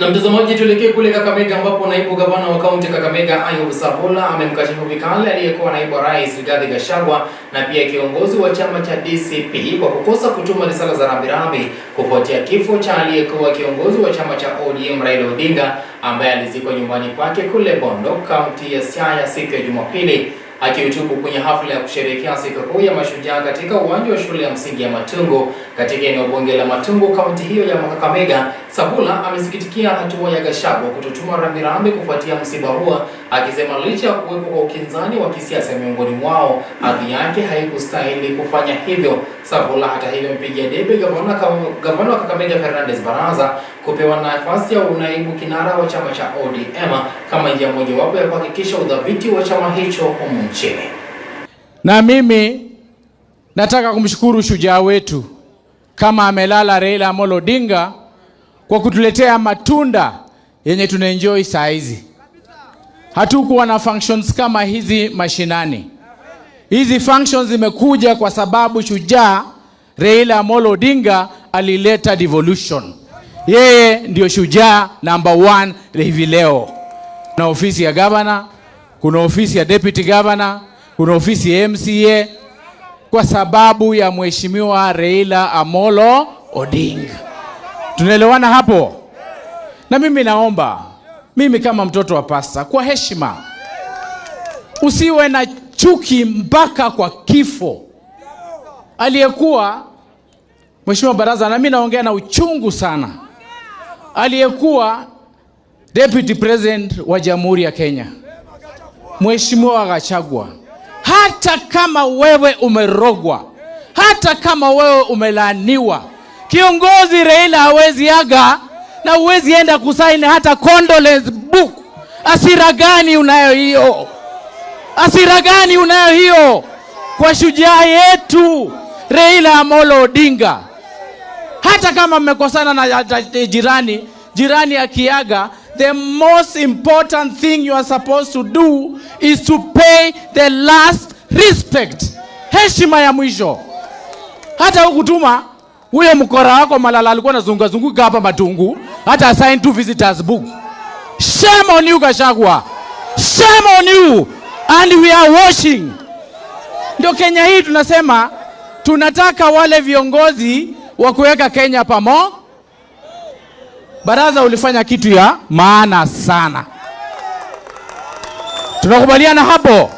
Na mtazamaji, tuelekee kule Kakamega ambapo naibu gavana wa kaunti Kakamega Ayub Savula amemkashifu vikali aliyekuwa naibu rais Rigathi Gachagua na pia kiongozi wa chama cha DCP kwa kukosa kutuma risala za rambirambi kufuatia kifo cha aliyekuwa kiongozi wa chama cha ODM Raila Odinga ambaye alizikwa nyumbani kwake kule Bondo, kaunti ya Siaya siku ya Jumapili. Akihutubu kwenye hafla ya kusherehekea sikukuu ya mashujaa katika uwanja wa shule ya msingi ya matungo katika eneo bunge la matungo kaunti hiyo ya Kakamega, Sabula amesikitikia hatua ya Gachagua kutotuma rambirambi kufuatia msiba huo, akisema licha ya kuwepo kwa ukinzani wa kisiasa miongoni mwao, hadhi yake haikustahili kufanya hivyo. Sabula hata hivyo amepigia debe gavana wa Kakamega Fernandez Baraza kupewa nafasi ya unaibu kinara wa chama cha ODM kama njia mojawapo ya kuhakikisha udhabiti wa chama hicho humu nchini. Na mimi nataka kumshukuru shujaa wetu kama amelala Raila Amolo Odinga kwa kutuletea matunda yenye tunaenjoy saa hizi. Hatukuwa na functions kama hizi mashinani. Hizi functions zimekuja kwa sababu shujaa Raila Amolo Odinga alileta devolution. Yeye ndio shujaa namba one hivi leo. Kuna ofisi ya gavana, kuna ofisi ya deputy gavana, kuna ofisi ya MCA kwa sababu ya mheshimiwa Raila Amolo Odinga. Tunaelewana hapo? Na mimi naomba, mimi kama mtoto wa pasta, kwa heshima, usiwe na chuki mpaka kwa kifo. Aliyekuwa mheshimiwa baraza, na mimi naongea na uchungu sana aliyekuwa deputy president wa Jamhuri ya Kenya, Mheshimiwa Gachagua, hata kama wewe umerogwa, hata kama wewe umelaaniwa, kiongozi Raila hawezi aga na huwezi enda kusaini hata condolence book. Asira gani unayo hiyo? Asira gani unayo hiyo kwa shujaa yetu Raila Amolo Odinga? hata kama mmekosana na jirani, jirani akiaga, the most important thing you are supposed to do is to pay the last respect, heshima ya mwisho. Hata hukutuma huyo mkora wako Malala alikuwa anazunguka zunguka hapa Matungu, hata assign two visitors book. Shame on you kashagwa shame on you and we are washing Ndio Kenya hii tunasema tunataka wale viongozi wa kuweka Kenya pamo. Baraza, ulifanya kitu ya maana sana, tunakubaliana hapo.